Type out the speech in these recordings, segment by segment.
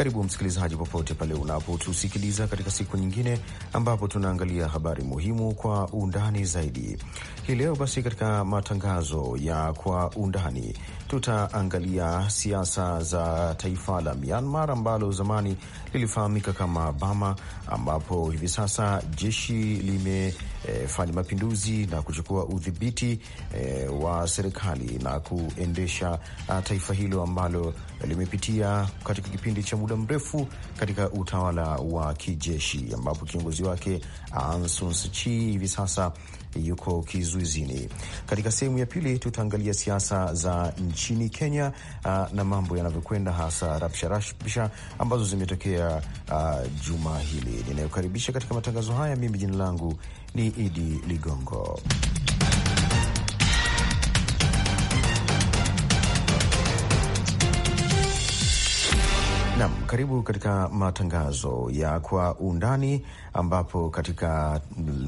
Karibu msikilizaji, popote pale unapotusikiliza katika siku nyingine ambapo tunaangalia habari muhimu kwa undani zaidi. Hii leo basi, katika matangazo ya kwa undani, tutaangalia siasa za taifa la Myanmar ambalo zamani lilifahamika kama Bama, ambapo hivi sasa jeshi limefanya e, mapinduzi na kuchukua udhibiti e, wa serikali na kuendesha a, ah, taifa hilo ambalo limepitia katika kipindi cha muda mrefu katika utawala wa kijeshi ambapo kiongozi wake Aung San Suu Kyi hivi sasa yuko kizuizini. Katika sehemu ya pili tutaangalia siasa za nchini Kenya uh, na mambo yanavyokwenda, hasa rabsha ambazo zimetokea uh, juma hili. Ninayokaribisha katika matangazo haya, mimi jina langu ni Idi Ligongo. Nam, karibu katika matangazo ya kwa undani, ambapo katika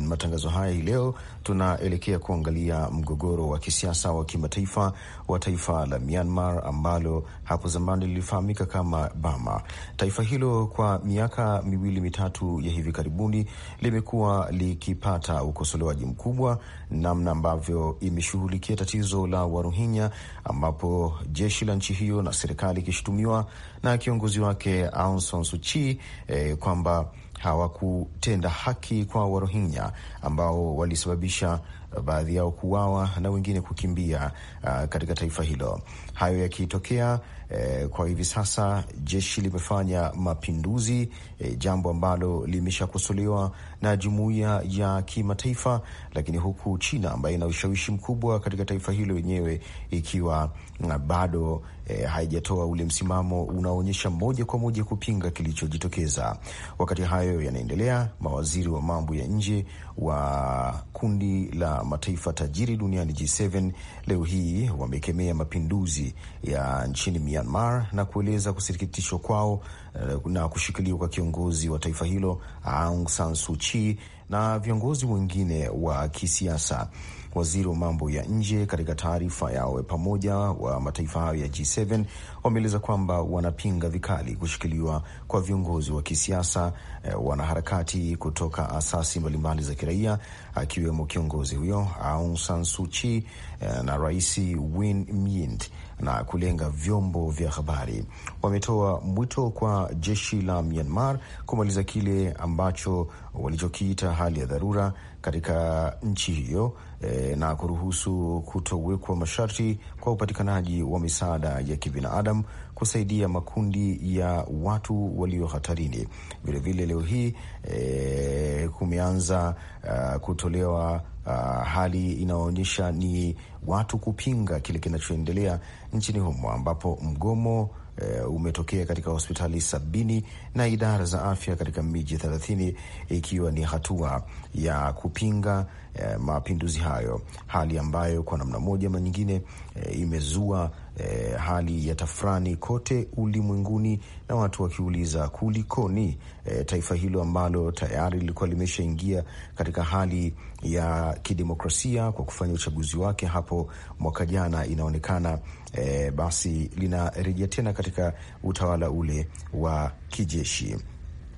matangazo haya hii leo tunaelekea kuangalia mgogoro wa kisiasa wa kimataifa wa taifa la Myanmar ambalo hapo zamani lilifahamika kama Burma. Taifa hilo kwa miaka miwili mitatu ya hivi karibuni limekuwa likipata ukosolewaji mkubwa namna ambavyo imeshughulikia tatizo la Warohinya, ambapo jeshi la nchi hiyo na serikali ikishutumiwa na kiongozi wake Aung San Suu Kyi eh, kwamba hawakutenda haki kwa Warohinya ambao walisababisha baadhi yao kuuawa na wengine kukimbia uh, katika taifa hilo. Hayo yakitokea Eh, kwa hivi sasa jeshi limefanya mapinduzi e, jambo ambalo limeshakosolewa na jumuiya ya kimataifa, lakini huku China ambayo ina ushawishi mkubwa katika taifa hilo yenyewe ikiwa ah, bado e, haijatoa ule msimamo unaoonyesha moja kwa moja kupinga kilichojitokeza. Wakati hayo yanaendelea, mawaziri wa mambo ya nje wa kundi la mataifa tajiri duniani G7 leo hii wamekemea mapinduzi ya nchini Myanmar na kueleza kusikitishwa kwao eh, na kushikiliwa kwa kiongozi wa taifa hilo Aung San Suu Kyi na viongozi wengine wa kisiasa. Waziri wa mambo ya nje katika taarifa yao pamoja wa mataifa hayo ya G7 wameeleza kwamba wanapinga vikali kushikiliwa kwa viongozi wa kisiasa, eh, wanaharakati kutoka asasi mbalimbali za kiraia, akiwemo kiongozi huyo Aung San Suu Kyi eh, na Rais Win Myint na kulenga vyombo vya habari. Wametoa mwito kwa jeshi la Myanmar kumaliza kile ambacho walichokiita hali ya dharura katika nchi hiyo e, na kuruhusu kutowekwa masharti kwa upatikanaji wa misaada ya kibinadamu kusaidia makundi ya watu walio hatarini. Vilevile leo hii e, kumeanza uh, kutolewa Uh, hali inayoonyesha ni watu kupinga kile kinachoendelea nchini humo ambapo mgomo uh, umetokea katika hospitali sabini na idara za afya katika miji thelathini ikiwa ni hatua ya kupinga uh, mapinduzi hayo, hali ambayo kwa namna moja ama nyingine uh, imezua uh, hali ya tafrani kote ulimwenguni na watu wakiuliza kulikoni, uh, taifa hilo ambalo tayari lilikuwa limeshaingia katika hali ya kidemokrasia kwa kufanya uchaguzi wake hapo mwaka jana inaonekana e, basi linarejea tena katika utawala ule wa kijeshi.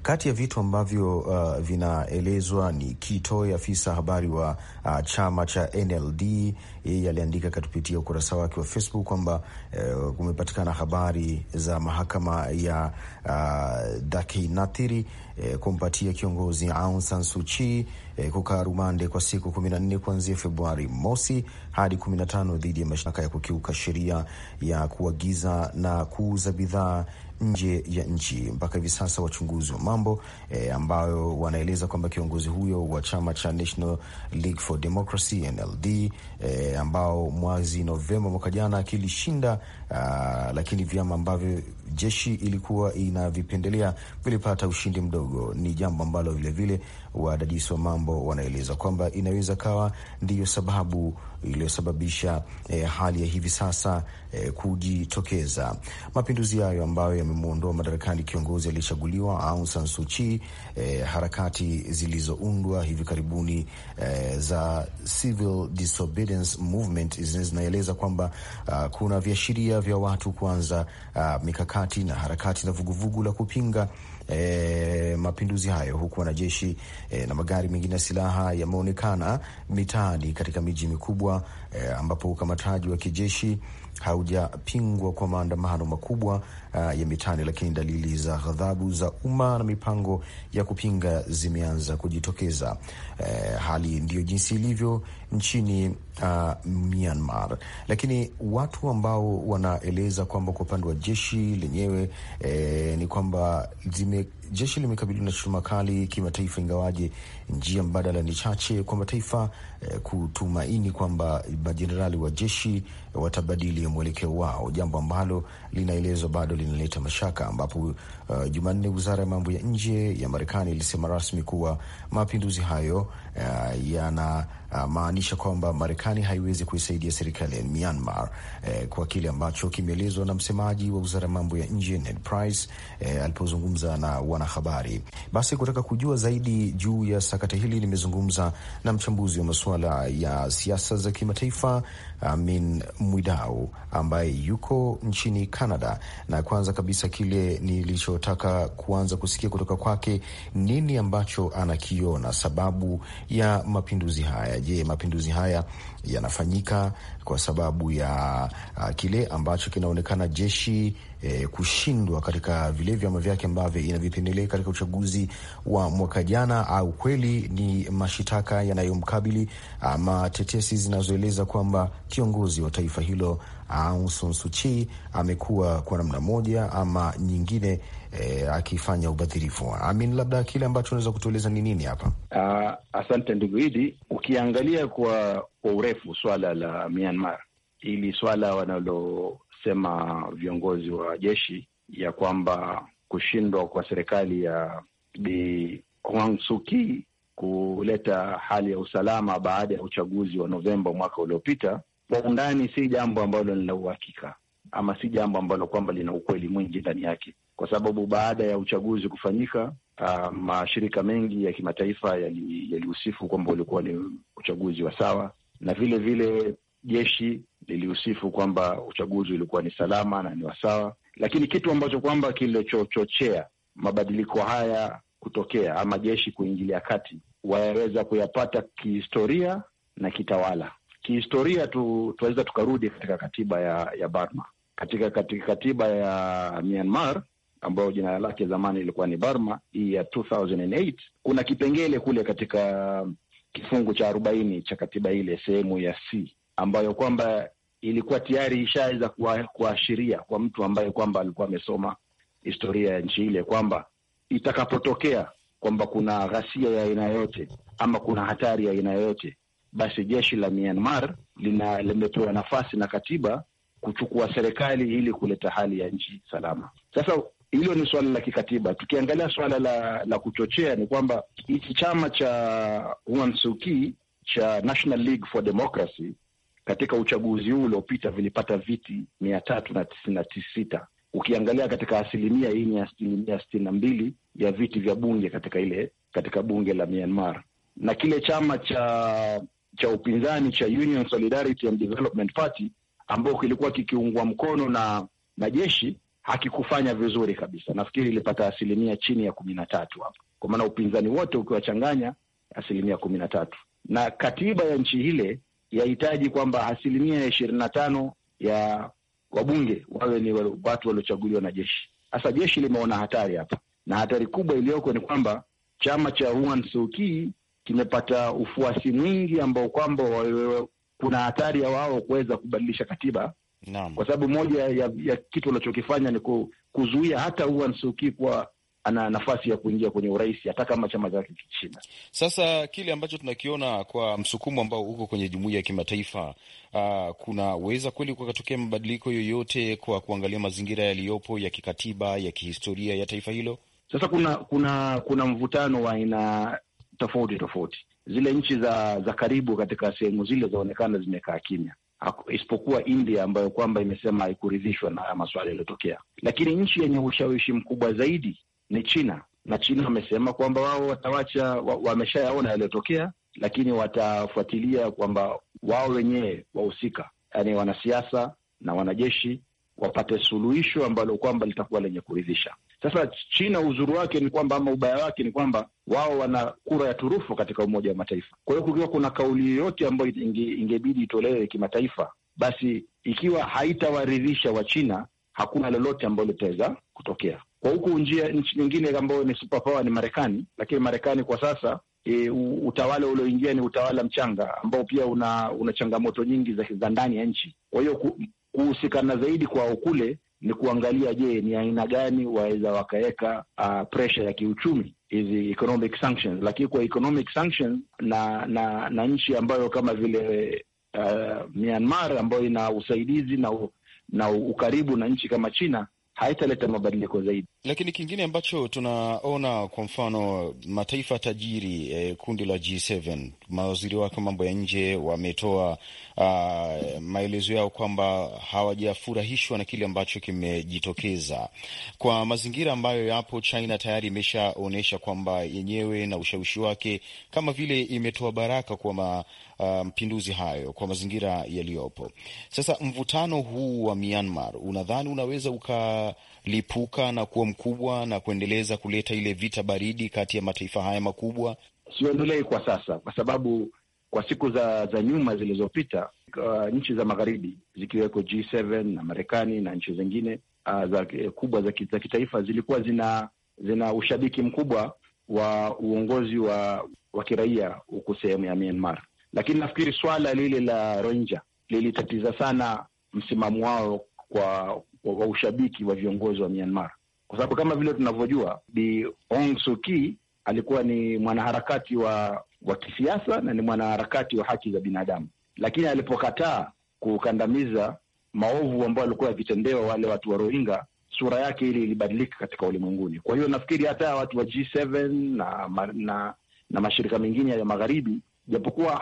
Kati ya vitu ambavyo uh, vinaelezwa ni kitoe afisa habari wa uh, chama cha NLD, yeye aliandika kupitia ukurasa wake wa Facebook kwamba uh, kumepatikana habari za mahakama ya uh, Dakinathiri uh, kumpatia kiongozi Aung San Suu Kyi uh, kukaa rumande kwa siku kumi na nne kuanzia Februari mosi hadi kumi na tano dhidi ya mashtaka ya kukiuka sheria ya kuagiza na kuuza bidhaa nje ya nchi. Mpaka hivi sasa wachunguzi wa mambo e, ambayo wanaeleza kwamba kiongozi huyo wa chama cha National League for Democracy NLD e, eh, ambao mwezi Novemba mwaka jana kilishinda, ah, lakini vyama ambavyo jeshi ilikuwa inavipendelea vilipata ushindi mdogo. Ni jambo ambalo vilevile wadadisi wa mambo wanaeleza kwamba inaweza kawa ndiyo sababu iliyosababisha eh, hali ya hivi sasa eh, kujitokeza. Mapinduzi hayo ambayo yamemwondoa madarakani kiongozi aliyechaguliwa Aung San Suu Kyi, eh, harakati zilizoundwa hivi karibuni eh, za civil disobedience movement zinaeleza kwamba uh, kuna viashiria vya watu kuanza uh, mikakati wanaharakati na harakati za vuguvugu la kupinga e, mapinduzi hayo, huku wanajeshi e, na magari mengine ya silaha yameonekana mitaani katika miji mikubwa e, ambapo ukamataji wa kijeshi haujapingwa kwa maandamano makubwa uh, ya mitaani, lakini dalili za ghadhabu za umma na mipango ya kupinga zimeanza kujitokeza. Uh, hali ndiyo jinsi ilivyo nchini uh, Myanmar, lakini watu ambao wanaeleza kwamba kwa upande wa jeshi lenyewe eh, ni kwamba zime jeshi limekabiliwa na shutuma kali kimataifa, ingawaje njia mbadala ni chache kwa mataifa eh, kutumaini kwamba majenerali wa jeshi watabadili mwelekeo wao, jambo ambalo linaelezwa bado linaleta mashaka ambapo uh, Jumanne wizara ya mambo ya nje ya Marekani ilisema rasmi kuwa mapinduzi hayo uh, yanamaanisha uh, kwamba Marekani haiwezi kuisaidia serikali ya Myanmar uh, kwa kile ambacho kimeelezwa na msemaji wa wizara ya mambo ya nje Ned Price uh, alipozungumza na wanahabari. Basi kutaka kujua zaidi juu ya sakata hili nimezungumza na mchambuzi wa masuala ya siasa za kimataifa Amin Mwidau ambaye yuko nchini Canada, na kwanza kabisa kile nilichotaka kuanza kusikia kutoka kwake nini ambacho anakiona sababu ya mapinduzi haya. Je, mapinduzi haya yanafanyika kwa sababu ya uh, kile ambacho kinaonekana jeshi eh, kushindwa katika vile vyama vyake ambavyo inavipendelea katika uchaguzi wa mwaka jana, au kweli ni mashitaka yanayomkabili ama tetesi zinazoeleza kwamba kiongozi wa taifa hilo Aung San Suu Kyi amekuwa kwa namna moja ama nyingine E, akifanya ubadhirifu. Amin, labda kile ambacho unaweza kutueleza ni nini hapa? Uh, asante ndugu Idi. Ukiangalia kwa kwa urefu swala la Myanmar, hili swala wanalosema viongozi wa jeshi ya kwamba kushindwa kwa serikali ya Bi Aung Suu Kyi kuleta hali ya usalama baada ya uchaguzi wa Novemba mwaka uliopita kwa undani, si jambo ambalo lina uhakika ama si jambo ambalo kwamba lina ukweli mwingi ndani yake, kwa sababu baada ya uchaguzi kufanyika, uh, mashirika mengi ya kimataifa yalihusifu yali kwamba ulikuwa ni uchaguzi wa sawa, na vile vile jeshi lilihusifu kwamba uchaguzi ulikuwa ni salama na ni wa sawa, lakini kitu ambacho kwamba kilichochochea mabadiliko haya kutokea ama jeshi kuingilia kati wayaweza kuyapata kihistoria na kitawala. Kihistoria tu tunaweza tukarudi katika katiba ya ya Burma, katika, katika katiba ya Myanmar ambayo jina lake zamani ilikuwa ni Burma, hii ya 2008 kuna kipengele kule katika kifungu cha arobaini cha katiba ile sehemu ya C ambayo kwamba ilikuwa tayari ishaweza kuashiria kwa mtu ambaye kwamba alikuwa amesoma historia ya nchi ile kwamba itakapotokea kwamba kuna ghasia ya aina yoyote ama kuna hatari ya aina yoyote, basi jeshi la Myanmar lina limepewa nafasi na katiba kuchukua serikali ili kuleta hali ya nchi salama. Sasa hilo ni suala la kikatiba. Tukiangalia suala la la kuchochea, ni kwamba hichi chama cha Aung Suu Kyi cha National League for Democracy katika uchaguzi huu uliopita vilipata viti mia tatu na tisini na sita ukiangalia katika asilimia hii ni asilimia sitini na mbili ya viti vya bunge katika ile katika bunge la Myanmar, na kile chama cha cha upinzani cha Union Solidarity and Development Party ambao kilikuwa kikiungwa mkono na na jeshi hakikufanya vizuri kabisa. Nafikiri ilipata asilimia chini ya kumi na tatu hapo, kwa maana upinzani wote ukiwachanganya asilimia kumi na tatu na katiba ya nchi ile yahitaji kwamba asilimia ishirini na tano ya wabunge wawe ni watu waliochaguliwa na jeshi. Sasa jeshi limeona hatari hapa, na hatari kubwa iliyoko ni kwamba chama cha Huan Suu Kyi kimepata ufuasi mwingi ambao kwamba kuna hatari ya wao kuweza kubadilisha katiba Naam. Kwa sababu moja ya, ya kitu wanachokifanya ni kuzuia hata Aung Suu Kyi kuwa ana nafasi ya kuingia kwenye urais hata kama chama chake kikishinda. Sasa kile ambacho tunakiona kwa msukumo ambao uko kwenye jumuiya ya kimataifa uh, ah, kunaweza kweli kukatokea mabadiliko yoyote kwa kuangalia mazingira yaliyopo ya kikatiba ya kihistoria ya taifa hilo. Sasa kuna kuna kuna mvutano wa aina tofauti tofauti. Zile nchi za za karibu katika sehemu zile zaonekana zimekaa kimya, isipokuwa India ambayo kwamba imesema haikuridhishwa na haya masuala yaliyotokea. Lakini nchi yenye ushawishi mkubwa zaidi ni China, na China wamesema kwamba wao watawacha, wameshayaona yaliyotokea, lakini watafuatilia kwamba wao wenyewe wahusika, yaani wanasiasa na wanajeshi wapate suluhisho ambalo kwamba litakuwa lenye kuridhisha. Sasa China uzuri wake ni kwamba ama ubaya wake ni kwamba wao wana kura ya turufu katika Umoja wa Mataifa. Kwa hiyo kukiwa kuna kauli yoyote ambayo ingebidi itolewe kimataifa, basi ikiwa haitawaridhisha Wachina hakuna lolote ambalo litaweza kutokea kwa huku. Njia nchi nyingine ambayo ni superpower ni Marekani, lakini Marekani kwa sasa e, utawala ulioingia ni utawala mchanga ambao pia una una changamoto nyingi za ndani ya nchi. Kwa hiyo kuhusikana zaidi kwao kule ni kuangalia, je, ni aina gani waweza wakaweka uh, pressure ya kiuchumi hizi economic sanctions. Lakini kwa economic sanctions na na na nchi ambayo kama vile uh, Myanmar ambayo ina usaidizi na na ukaribu na nchi kama China haitaleta mabadiliko zaidi. Lakini kingine ambacho tunaona kwa mfano mataifa tajiri eh, kundi la G7 mawaziri wake wa mambo ya nje wametoa uh, maelezo yao kwamba hawajafurahishwa na kile ambacho kimejitokeza kwa mazingira ambayo yapo. China tayari imeshaonyesha kwamba yenyewe na ushawishi wake kama vile imetoa baraka kwa ma, ah, mapinduzi um, hayo kwa mazingira yaliyopo sasa. Mvutano huu wa Myanmar unadhani unaweza ukalipuka na kuwa mkubwa na kuendeleza kuleta ile vita baridi kati ya mataifa haya makubwa siondolei kwa sasa, kwa sababu kwa siku za za nyuma zilizopita, uh, nchi za magharibi zikiweko G7 na Marekani na nchi zingine uh, za eh, kubwa za, za kitaifa zilikuwa zina zina ushabiki mkubwa wa uongozi wa wa kiraia huku sehemu ya Myanmar, lakini nafikiri swala lile la Rohingya lilitatiza sana msimamo wao kwa wa ushabiki wa viongozi wa Myanmar, kwa sababu kama vile tunavyojua Bi Aung Suu Kyi alikuwa ni mwanaharakati wa wa kisiasa na ni mwanaharakati wa haki za binadamu, lakini alipokataa kukandamiza maovu ambayo alikuwa yakitendewa wale watu wa rohinga sura yake ili ilibadilika katika ulimwenguni. Kwa hiyo nafikiri hata watu wa G7 na na, na mashirika mengine ya magharibi, japokuwa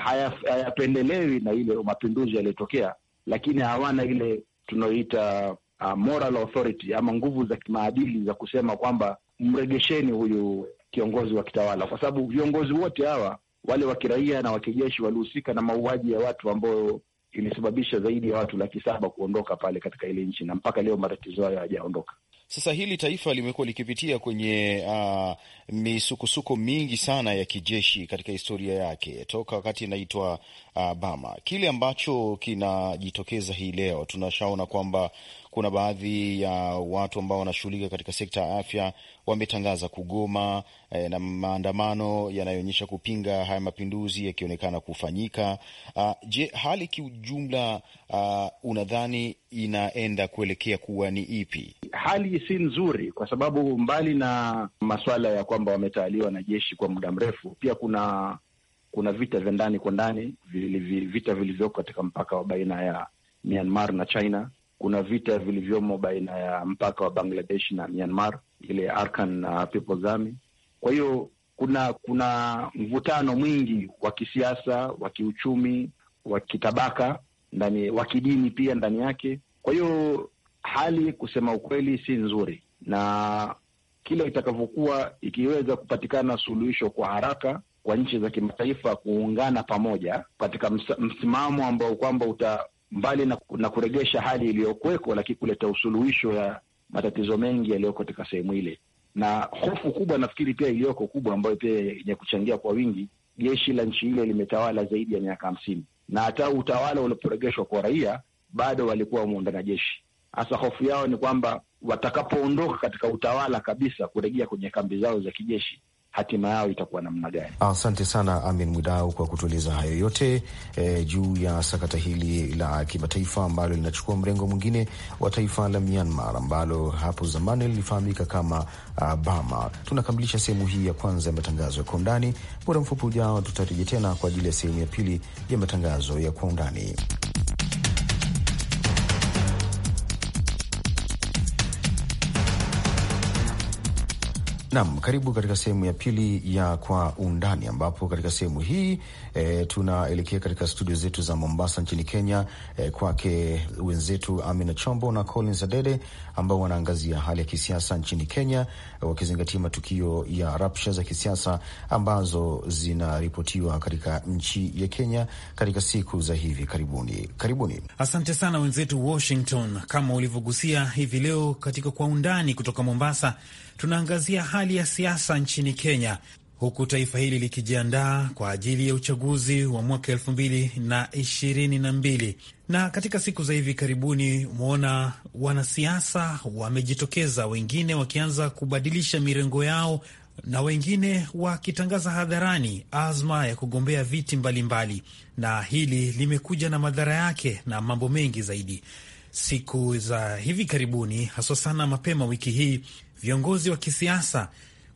hayapendelewi na ile mapinduzi yaliyotokea, lakini hawana ile tunayoita uh, moral authority ama nguvu za kimaadili za kusema kwamba mregesheni huyu kiongozi wa kitawala, kwa sababu viongozi wote hawa wale wa kiraia na wa kijeshi walihusika na mauaji ya watu ambayo ilisababisha zaidi ya watu laki saba kuondoka pale katika ile nchi, na mpaka leo matatizo hayo hayajaondoka. Sasa hili taifa limekuwa likipitia kwenye uh, misukosuko mingi sana ya kijeshi katika historia yake toka wakati inaitwa uh, ah, Bama. Kile ambacho kinajitokeza hii leo tunashaona kwamba kuna baadhi ya watu ambao wanashughulika katika sekta ya afya wametangaza kugoma eh, na maandamano yanayoonyesha kupinga haya mapinduzi yakionekana kufanyika. Uh, je, hali kiujumla uh, unadhani inaenda kuelekea kuwa ni ipi? Hali si nzuri, kwa sababu mbali na masuala ya kwamba wametawaliwa na jeshi kwa muda mrefu, pia kuna kuna vita vya ndani kwa ndani, vita vilivyoko katika mpaka wa baina ya Myanmar na China kuna vita vilivyomo baina ya mpaka wa Bangladesh na Myanmar, ile Arkhan People's Army. Kwa hiyo kuna kuna mvutano mwingi wa kisiasa, wa kiuchumi, wa kitabaka ndani, wa kidini pia ndani yake. Kwa hiyo hali kusema ukweli si nzuri, na kila itakavyokuwa ikiweza kupatikana suluhisho kwa haraka kwa nchi za kimataifa kuungana pamoja katika msimamo ambao kwamba uta, mbali na, na kuregesha hali iliyokuweko, lakini kuleta usuluhisho ya matatizo mengi yaliyoko katika sehemu ile, na hofu kubwa nafikiri pia iliyoko kubwa, ambayo pia yenye kuchangia kwa wingi, jeshi la nchi ile limetawala zaidi ya miaka hamsini na hata utawala uliporegeshwa kwa raia bado walikuwa na jeshi. Hasa hofu yao ni kwamba watakapoondoka katika utawala kabisa kurejea kwenye kambi zao za kijeshi hatima yao itakuwa namna gani? Asante sana Amin Mwidau kwa kutueleza hayo yote e, juu ya sakata hili la kimataifa ambalo linachukua mrengo mwingine wa taifa la Myanmar ambalo hapo zamani lilifahamika kama uh, ah, Bama. Tunakamilisha sehemu hii ya kwanza ya matangazo ya kwa undani. Muda mfupi ujao tutarejea tena kwa ajili ya sehemu ya pili ya matangazo ya kwa undani. Naam, karibu katika sehemu ya pili ya Kwa Undani, ambapo katika sehemu hii e, tunaelekea katika studio zetu za Mombasa nchini Kenya, e, kwake wenzetu Amina Chombo na Collins Adede ambao wanaangazia hali ya kisiasa nchini Kenya, wakizingatia matukio ya rapsha za kisiasa ambazo zinaripotiwa katika nchi ya Kenya katika siku za hivi karibuni. Karibuni. Asante sana wenzetu Washington. Kama ulivyogusia hivi leo katika Kwa Undani kutoka Mombasa, tunaangazia hali ya siasa nchini Kenya, huku taifa hili likijiandaa kwa ajili ya uchaguzi wa mwaka elfu mbili na ishirini na mbili na katika siku za hivi karibuni umeona wanasiasa wamejitokeza, wengine wakianza kubadilisha mirengo yao na wengine wakitangaza hadharani azma ya kugombea viti mbalimbali mbali. Na hili limekuja na madhara yake na mambo mengi zaidi siku za hivi karibuni, haswa sana mapema wiki hii viongozi wa kisiasa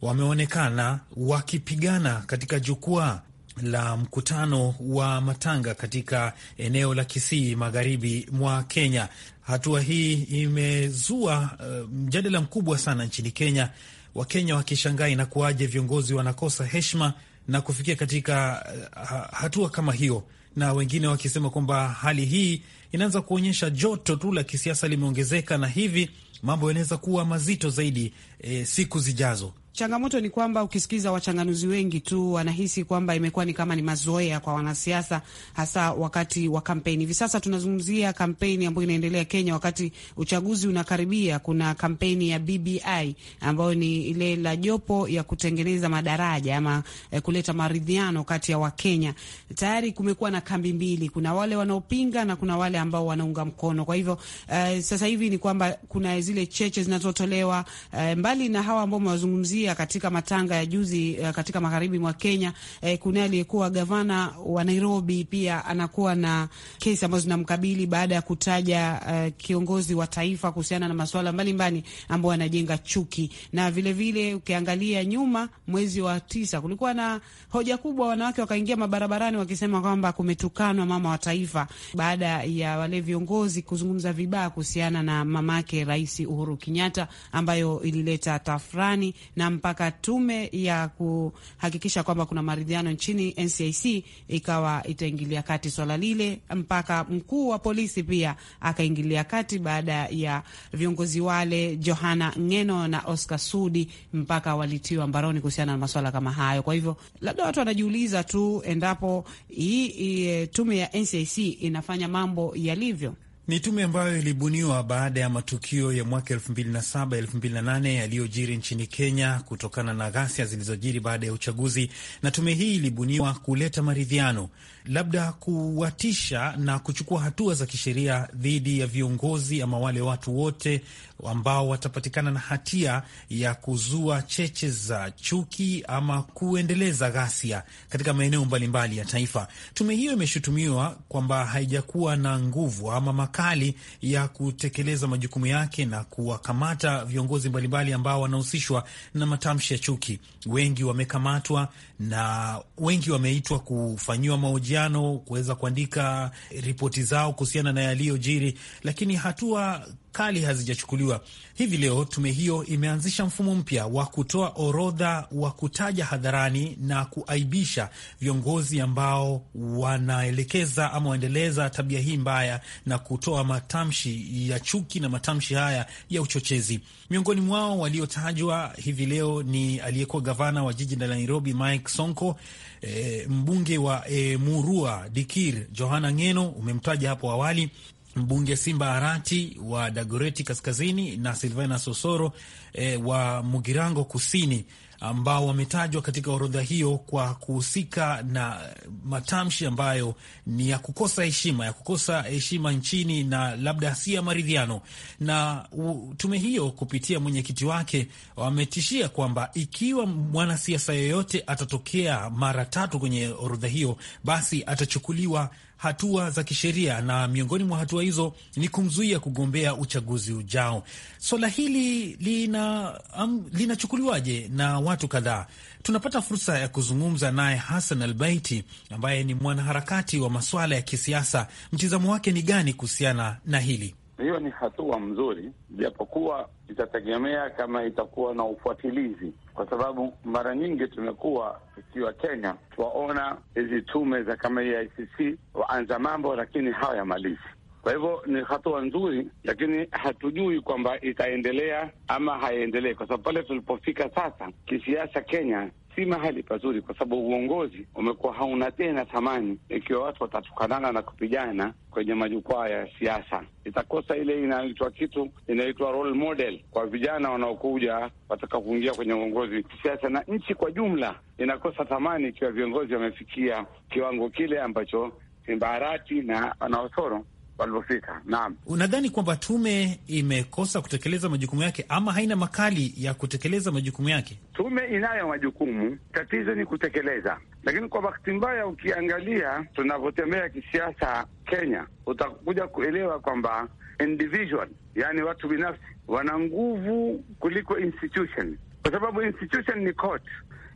wameonekana wakipigana katika jukwaa la mkutano wa matanga katika eneo la Kisii magharibi mwa Kenya. Hatua hii imezua uh, mjadala mkubwa sana nchini Kenya, Wakenya wakishangaa inakuwaje viongozi wanakosa heshima na kufikia katika uh, hatua kama hiyo, na wengine wakisema kwamba hali hii inaanza kuonyesha joto tu la kisiasa limeongezeka na hivi mambo yanaweza kuwa mazito zaidi e, siku zijazo. Changamoto ni kwamba ukisikiza wachanganuzi wengi tu wanahisi kwamba imekuwa ni kama ni mazoea kwa wanasiasa, hasa wakati wa kampeni. Hivi sasa tunazungumzia kampeni ambayo inaendelea Kenya, wakati uchaguzi unakaribia. Kuna kampeni ya BBI ambayo ni ile la jopo ya kutengeneza madaraja ama eh, kuleta maridhiano kati ya Wakenya. Tayari kumekuwa na kambi mbili, kuna wale wanaopinga na kuna wale ambao wanaunga mkono. Kwa hivyo eh, sasa hivi ni kwamba kuna zile cheche zinazotolewa eh, mbali na hawa ambao mewazungumzia pia katika matanga ya juzi uh, katika magharibi mwa Kenya eh, kuna aliyekuwa gavana wa Nairobi pia anakuwa na kesi ambazo zinamkabili baada ya kutaja uh, kiongozi wa taifa kuhusiana na masuala mbalimbali ambayo anajenga chuki. Na vilevile vile, ukiangalia nyuma, mwezi wa tisa kulikuwa na hoja kubwa, wanawake wakaingia mabarabarani wakisema kwamba kumetukanwa mama wa taifa baada ya wale viongozi kuzungumza vibaya kuhusiana na mamake Rais Uhuru Kenyatta ambayo ilileta tafrani na mpaka tume ya kuhakikisha kwamba kuna maridhiano nchini NCIC ikawa itaingilia kati swala lile, mpaka mkuu wa polisi pia akaingilia kati baada ya viongozi wale Johana Ngeno na Oscar Sudi mpaka walitiwa mbaroni kuhusiana na maswala kama hayo. Kwa hivyo labda watu wanajiuliza tu endapo hii eh, tume ya NCIC inafanya mambo yalivyo. Ni tume ambayo ilibuniwa baada ya matukio ya mwaka 2007 2008 yaliyojiri nchini Kenya kutokana na ghasia zilizojiri baada ya uchaguzi, na tume hii ilibuniwa kuleta maridhiano labda kuwatisha na kuchukua hatua za kisheria dhidi ya viongozi ama wale watu wote ambao watapatikana na hatia ya kuzua cheche za chuki ama kuendeleza ghasia katika maeneo mbalimbali ya taifa. Tume hiyo imeshutumiwa kwamba haijakuwa na nguvu ama makali ya kutekeleza majukumu yake na kuwakamata viongozi mbalimbali ambao wanahusishwa na, matamshi ya chuki. Wengi wamekamatwa na wengi wameitwa kufanyiwa mahojiano mahojiano, kuweza kuandika ripoti zao kuhusiana na yaliyojiri, lakini hatua kali hazijachukuliwa. Hivi leo tume hiyo imeanzisha mfumo mpya wa kutoa orodha wa kutaja hadharani na kuaibisha viongozi ambao wanaelekeza ama waendeleza tabia hii mbaya na kutoa matamshi ya chuki na matamshi haya ya uchochezi. Miongoni mwao waliotajwa hivi leo ni aliyekuwa gavana wa jiji la Nairobi Mike Sonko E, mbunge wa e, Murua Dikir Johana Ngeno umemtaja hapo awali mbunge Simba Arati wa Dagoreti Kaskazini na Silvana sosoro e, wa Mugirango Kusini ambao wametajwa katika orodha hiyo kwa kuhusika na matamshi ambayo ni ya kukosa heshima ya kukosa heshima nchini na labda si ya maridhiano. Na tume hiyo kupitia mwenyekiti wake wametishia kwamba ikiwa mwanasiasa yoyote atatokea mara tatu kwenye orodha hiyo, basi atachukuliwa hatua za kisheria, na miongoni mwa hatua hizo ni kumzuia kugombea uchaguzi ujao. Swala hili lina um, linachukuliwaje na watu kadhaa? Tunapata fursa ya kuzungumza naye Hassan Albaiti ambaye ni mwanaharakati wa masuala ya kisiasa. Mtizamo wake ni gani kuhusiana na hili? Hiyo ni hatua mzuri, japokuwa itategemea kama itakuwa na ufuatilizi, kwa sababu mara nyingi tumekuwa tukiwa Kenya tuwaona hizi tume za kama hii e waanza mambo lakini hawayamalizi. Kwa hivyo ni hatua nzuri, lakini hatujui kwamba itaendelea ama haiendelee, kwa sababu pale tulipofika sasa kisiasa Kenya si mahali pazuri, kwa sababu uongozi umekuwa hauna tena thamani. Ikiwa watu watatukanana na kupigana kwenye majukwaa ya siasa, itakosa ile inaitwa kitu inaitwa role model kwa vijana wanaokuja wataka kuingia kwenye uongozi kisiasa, na nchi kwa jumla inakosa thamani ikiwa viongozi wamefikia kiwango kile ambacho ni na wanaosoro walivyofika. Naam, unadhani kwamba tume imekosa kutekeleza majukumu yake ama haina makali ya kutekeleza majukumu yake? Tume inayo majukumu, tatizo ni kutekeleza. Lakini kwa bahati mbaya, ukiangalia tunavyotembea kisiasa Kenya, utakuja kuelewa kwamba individual, yani watu binafsi wana nguvu kuliko institution, kwa sababu institution ni court,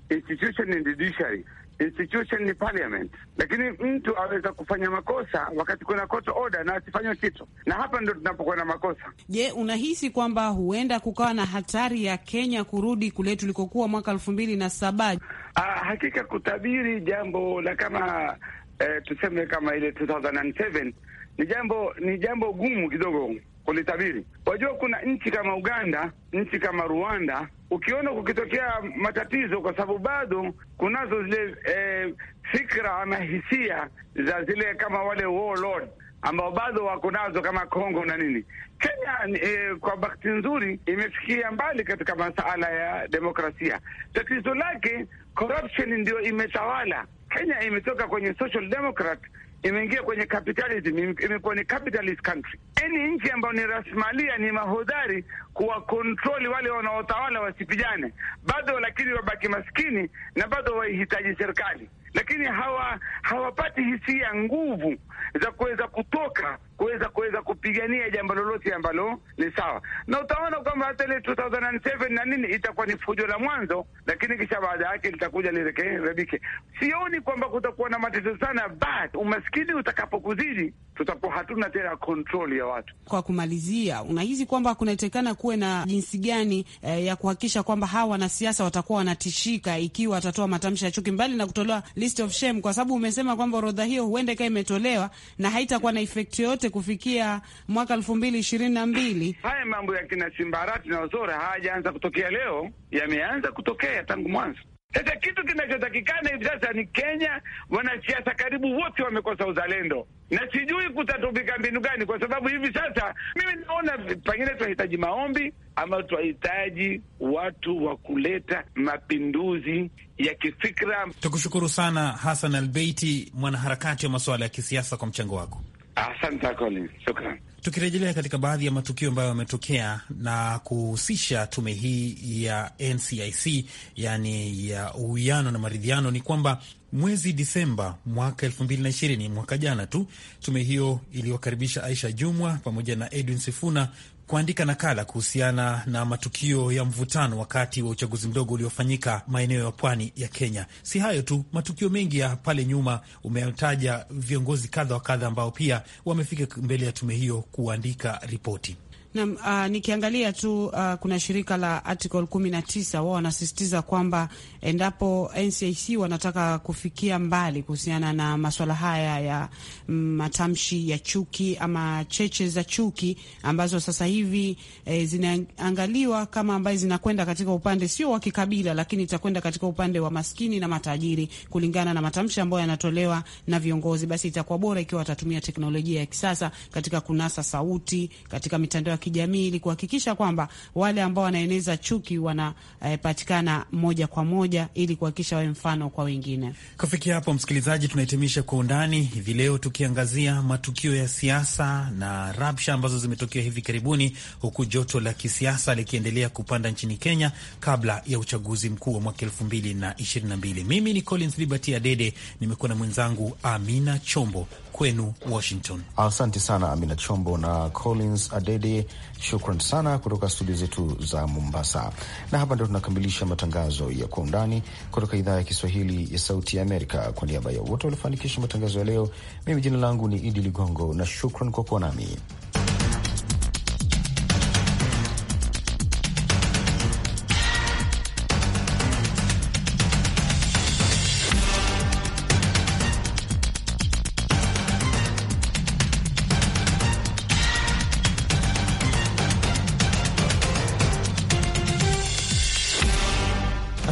institution ni judiciary institution ni parliament, lakini mtu aweza kufanya makosa wakati kuna court order na asifanywe kitu, na hapa ndo tunapokuwa na makosa. Je, unahisi kwamba huenda kukawa na hatari ya Kenya kurudi kule tulikokuwa mwaka elfu mbili na saba? Ah, hakika kutabiri jambo la kama eh, tuseme kama ile 2007 ni jambo ni jambo gumu kidogo kulitabiri. Wajua, kuna nchi kama Uganda, nchi kama Rwanda, ukiona kukitokea matatizo, kwa sababu bado kunazo zile eh, fikra ama hisia za zile kama wale warlord ambao bado wako nazo kama Kongo na nini. Kenya eh, kwa bahati nzuri imefikia mbali katika masala ya demokrasia. Tatizo lake corruption ndio imetawala Kenya. Imetoka kwenye social democrat imeingia kwenye capitalism, imekuwa ni capitalist country. Yaani nchi ambayo ni rasmalia yaani ni mahodari kuwakontroli wale wanaotawala wasipijane bado, lakini wabaki maskini na bado waihitaji serikali lakini hawa hawapati hisia nguvu za kuweza kutoka kuweza kuweza kupigania jambo lolote ambalo ni sawa, na utaona kwamba hata ile 2007 na nini itakuwa ni fujo la mwanzo, lakini kisha baada yake litakuja lirekebike. Sioni kwamba kutakuwa na matatizo sana, but umaskini utakapokuzidi tutakuwa hatuna tena control ya watu. Kwa kumalizia, unahisi kwamba kunatekana kuwe na jinsi gani eh, ya kuhakikisha kwamba hawa wanasiasa watakuwa wanatishika ikiwa watatoa matamshi ya chuki mbali na kutolewa list of shame, kwa sababu umesema kwamba orodha hiyo huenda ikawa imetolewa na haitakuwa na effect yoyote kufikia mwaka elfu mbili ishirini na mbili. Haya mambo ya kina Simbarati na Ozora hayajaanza kutokea leo, yameanza kutokea tangu mwanzo. Sasa kitu kinachotakikana hivi sasa ni Kenya, wanasiasa karibu wote wamekosa uzalendo, na sijui kutatumika mbinu gani, kwa sababu hivi sasa mimi naona pengine tunahitaji maombi ama tunahitaji watu wa kuleta mapinduzi ya kifikra. Tukushukuru sana Hasan Albeiti, mwanaharakati wa masuala ya kisiasa kwa mchango wako. Asante Colin, shukran. Tukirejelea katika baadhi ya matukio ambayo yametokea na kuhusisha tume hii ya NCIC, yaani ya uwiano na maridhiano, ni kwamba mwezi Disemba mwaka elfu mbili na ishirini, mwaka jana tu, tume hiyo iliwakaribisha Aisha Jumwa pamoja na Edwin Sifuna kuandika nakala kuhusiana na matukio ya mvutano wakati wa uchaguzi mdogo uliofanyika maeneo ya pwani ya Kenya. Si hayo tu, matukio mengi ya pale nyuma umetaja viongozi kadha wa kadha ambao pia wamefika mbele ya tume hiyo kuandika ripoti. Naam, uh, nikiangalia tu uh, kuna shirika la Article 19 wao wanasisitiza kwamba endapo NCIC wanataka kufikia mbali kuhusiana na masuala haya ya mm, matamshi ya chuki ama cheche za chuki ambazo sasa hivi eh, zinaangaliwa kama ambazo zinakwenda katika upande sio wa kikabila, lakini itakwenda katika upande wa maskini na matajiri, kulingana na matamshi ambayo yanatolewa na viongozi, basi itakuwa bora ikiwa watatumia teknolojia ya kisasa katika kunasa sauti katika mitandao kijamii ili kuhakikisha kwamba wale ambao wanaeneza chuki wanapatikana eh, moja kwa moja ili kuhakikisha wawe mfano kwa wengine. Kufikia hapo, msikilizaji, tunahitimisha Kwa Undani hivi leo tukiangazia matukio ya siasa na rabsha ambazo zimetokea hivi karibuni, huku joto la kisiasa likiendelea kupanda nchini Kenya kabla ya uchaguzi mkuu wa mwaka elfu mbili na ishirini na mbili. Mimi ni Collins Liberty Adede, nimekuwa na mwenzangu Amina Chombo kwenu Washington. Asante sana Amina Chombo na Collins Adede Shukran sana kutoka studio zetu za Mombasa, na hapa ndio tunakamilisha matangazo ya Kwa Undani kutoka idhaa ya Kiswahili ya Sauti ya Amerika. Kwa niaba ya wote waliofanikisha matangazo ya leo, mimi jina langu ni Idi Ligongo na shukran kwa kuwa nami.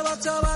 Till I tell